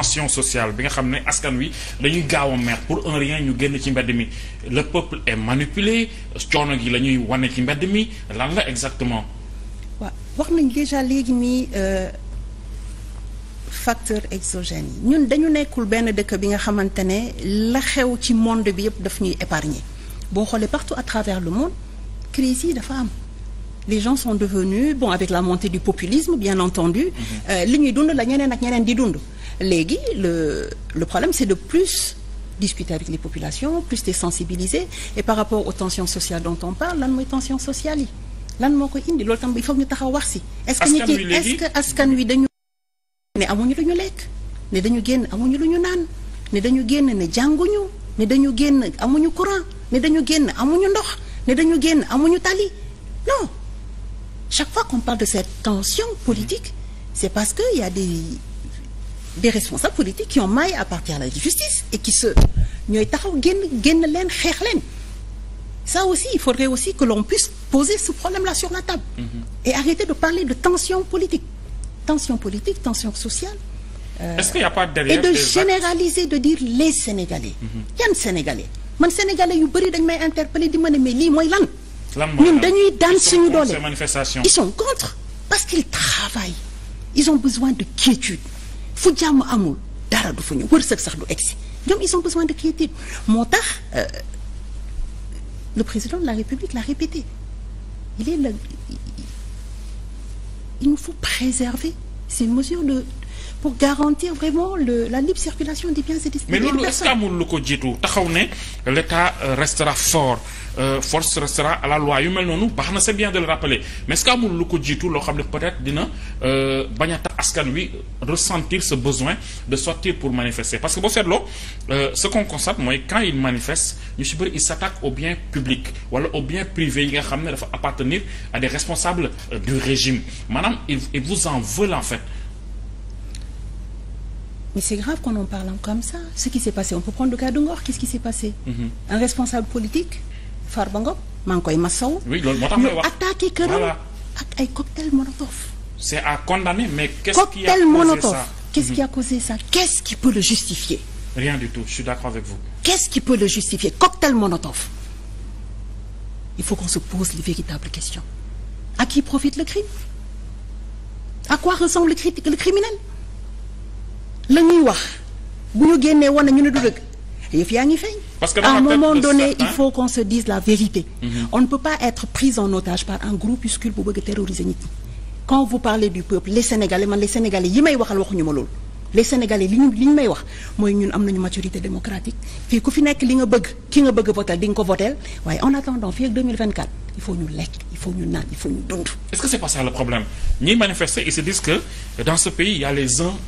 tension sociale bi nga xam ne askan wi dañuy gaaw a pour un rien ñu génn ci mbedd mi le peuple est manipulé coono gi la ñuy wane ci mbedd mi lan la exactement. waaw wax nañ déjà léegi nii euh, facteur exogène yi ñun dañu nekkul benn dëkk bi nga xamante ne la xew ci monde bi yëpp daf ñuy épargner boo xoolee partout à travers le monde crise dafa am. les gens sont devenus bon avec la montée du populisme bien entendu mm-hmm. euh, li ñuy dund la ñeneen ak ñeneen di dund léegi le le problème c'est de plus discuter avec les populations plus les sensibiliser et par rapport aux tensions sociales dont on parle lan mooy tension sociale yi lan moo ko indi loolu tam il faut ñu taxaw wax si est-ce que nit ñi est-ce que askan wi dañu ne amuñu lu ñu lekk ne dañu génn amuñu lu ñu naan ne dañu génn ne jànguñu ne dañu génn amuñu courant ne dañu génn amuñu ndox ne dañu génn amuñu tali non chaque fois qu'on parle de cette tension politique que il y des responsables politiques qui ont maille à partir à la justice et qui se ñooy taxaw génn génn leen xeex leen ça aussi il faudrait aussi que l'on puisse poser ce problème-là sur la table mm-hmm. et arrêter de parler de tension politique tension politique tension sociale euh, est-ce qu'il y a pas derrière et de généraliser de dire les Sénégalais mm-hmm. yan Sénégalais man Sénégalais yu bëri dañ may interpeller di ma ne mais lii mooy lan ñun dañuy daan suñu doole ils sont contre parce qu'ils travaillent ils ont besoin de quiétude fu jàmm amul dara du fa ñëw wërsëg sax du egsi ñoom ils ont besoin de quiétude moo tax euh, le président de la république l'a répété il est là il nous faut préserver ces mesures de pour garantir la libre circulation des biens et des personnes. mais loolu est-ce lu ko jiitu taxaw ne l'État euh, restera fort euh, force restera à la loi yu mel noonu baax na c'est bien de le rappeler mais est-ce que amul lu ko jiitu loo xam ne peut-être dina euh, bañ a tax askan wi ressentir ce besoin de sortir pour manifester parce que boo seetloo ce qu'on constate mooy quand ils manifestent ñu si bëri ils s'attaquent aux biens publics wala aux biens privés yi nga xam ne dafa appartenir à des responsables du régime maanaam ils vous en veulent en mais c'est grave qu'on en parle comme ça ce qui s'est passé on peut prendre le cas de Ngor qu'est-ce qui s'est passé mhm. un responsable politique Farba Ngom maa ngi koy masaw oui loolu moo tax may wax attaqué këram ak ay cocktail Molotov c'est à condamner mais qu'est-ce qui a causé ça cocktail Molotov qu'est-ce qui a mhm. causé ça qu'est-ce qui peut le justifier rien du tout je suis d'accord avec vous qu'est-ce qui peut le justifier cocktail Molotov il faut qu'on se pose les véritables questions à qui profite le crime à quoi ressemble le, cri le criminel la ñuy wax bu ñu génnee wane ñu ne du dëgg yëf yaa ngi feeñ. un moment donné il faut qu'on se dise la vérité. Mhm. on ne peut pas être pris en otage par un groupuscule bu bëgg terroriser nit ñi. quand vous parlez du peuple les sénégalais man les sénégalais yi may waxal waxuñu ma loolu. les sénégalais li ñu li ñu may wax mooy ñun am nañu maturité démocratique fii ku fi nekk li nga bëgg ki nga bëgg votel di nga ko votel waaye en attendant fii ak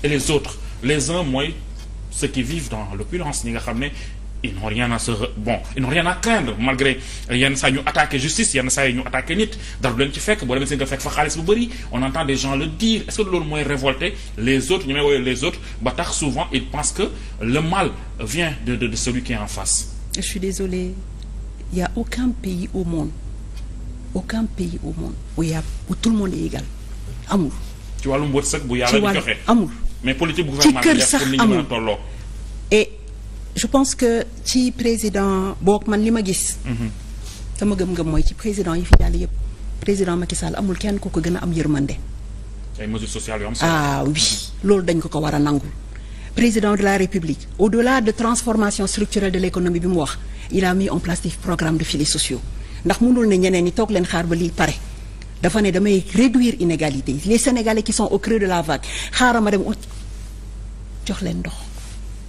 il les uns mooy ceux qui vivent dans l'opulence ñi nga xam ne ils n'ont rien à se bon ils n'ont rien à craindre malgré yenn saa ñu attaqué justice yenn saa yi ñu attaqué nit dara ci fekk boo demee seen nga fekk fa xaalis bu bëri on entend des gens le dire est-ce que loolu mooy révolter les autres ñu may woowee les autres ba tax souvent ils pensent que le mal vient de de de celui qui est en face. je suis désolée il y a aucun pays au monde aucun pays au monde où a où tout le monde est égal amul. ci wàllum wërsëg bu yàlla di amul. mais politique bu gouvernement bi def pour nit ñi je pense que ci président book man li ma gis. Mhm. sama gëm-gëm mooy ci président yi fi jàll yëpp président Macky Sall amul kenn ku ko gën a am yërmande. ay mesures sociales yu am solo. ah oui loolu dañ ko ko war a nangul. président de la République au-delà de transformation structurelle de l'économie bi mu wax il a mis en place des programmes de filets sociaux ndax mënul ne ñeneen yi toog leen xaar ba li pare. dafa ne damay réduire inégalité les Sénégalais qui sont au creux de la vague jox leen ndox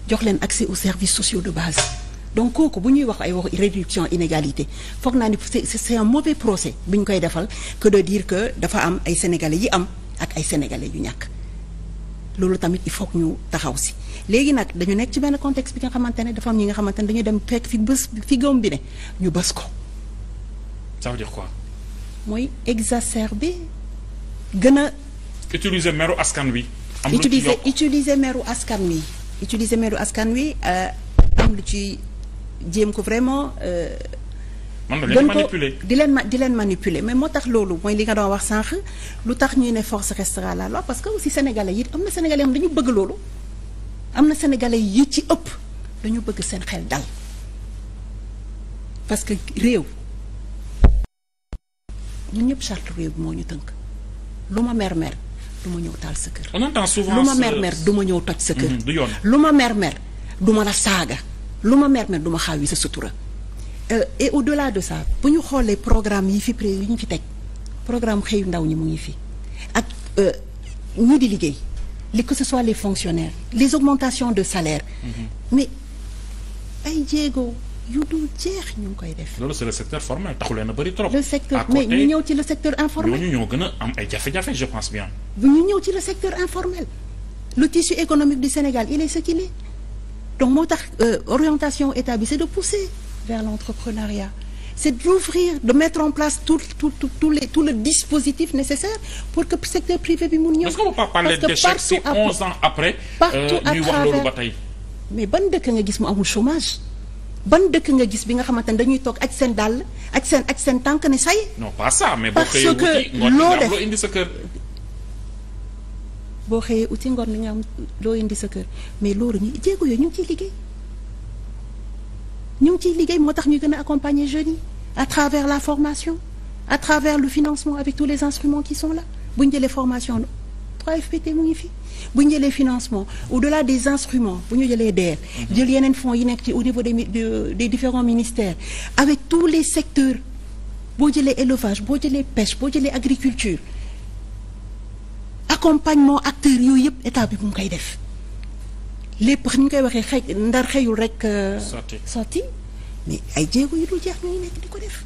jox leen accès aux service sociaux de base donc kooku bu ñuy wax ay wax réduction inégalité foog naa ni c'est un mauvais procès bi koy defal que de dire que dafa am ay sénégalais yi am ak ay sénégalais yu ñàkk loolu tamit il faut ñu taxaw si léegi nag dañu nekk ci benn contexte bi nga xamante ne dafa am ñi nga xamante ne dañu dem fekk fi bës fi góom bi ne ñu bës ko. ça veut dire quoi. mooy exacerber gën a. utiliser meru askan wi. am utiliser utiliser meeru askan wi utiliser meeru askan wi euh, am lu ci jéem ko vraiment. Euh, man la di leen ma di leen manipuler mais moo tax loolu mooy li nga doon wax sànq lu tax ñuy ne force restera la loi parce que aussi sénégalais yi am na sénégalais am dañu bëgg loolu am na sénégalais yi ci ëpp dañu bëgg seen xel dal parce que réew ñun ñëpp charte réew moo ñu tënk lu ma mer mer. du ma ñëw taal sa kër. on entend souvent lu ma mer mer du ñëw toj sa kër. Mm-hmm, lu ma mer mer du la saaga lu ma mer mer du ma xaaw yi sa sutura. Euh, et au delà de ça bu ñu xoolee programme yi fi pré yi ñu fi teg programme xëyu ndaw ñi mu ngi fi ak euh, ñii di liggéey li que ce soit les fonctionnaires les augmentations de salaire. Mm-hmm. mais ay jéego. yu dul jeex ñu ngi koy def. loolu c'est le secteur formel taxu leen a bëri trop. le secteur mais ñu ñëw ci le secteur informel ñooñu ñoo gën a am ay jafe-jafe je pense bien. bu ñu ci le secteur informel le tissu économique du Sénégal il est ce qu'il est donc moo tax euh, orientation état bi c'est de pousser vers l'entrepreneuriat c'est d'ouvrir de mettre en place tout les tout le dispositif nécessaire pour que secteur privé bi mun ñëw. parce que parce que partout après est-ce pas parler d'échec si 11 ans après. partout euh, à travers mais ban dëkk nga gis mu amul chômage. ban dëkk nga gis bi nga xamante ne dañuy toog ak seen dàll ak seen ak seen tànk ne say. non pas ça mais boo xëyee wuti loo def indi sa kër. boo xëyee uti ngoon nga am loo indi sa kër mais loolu ñu jéego yooyu ñu ci ciy liggéey ñu ngi ciy liggéey moo tax ñu gën a accompagner jeunes à travers la formation à travers le financement avec tous les instruments qui sont là bu ñu jëlee formation. 3FPT mu ngi fi bu ñu jëlee financement au delà des instruments bu ñu jëlee DER jël yeneen fonds yi nekk ci au niveau des des différents ministères avec tous les secteurs boo jëlee élevage boo jëlee pêche boo jëlee agriculture accompagnement acteurs yooyu yëpp état bi mu koy def lépp ñu koy waxee xëy ndar xëyul rek. Euh, sotti sotti mais ay jéego yu dul jeex ñu nekk di ko def.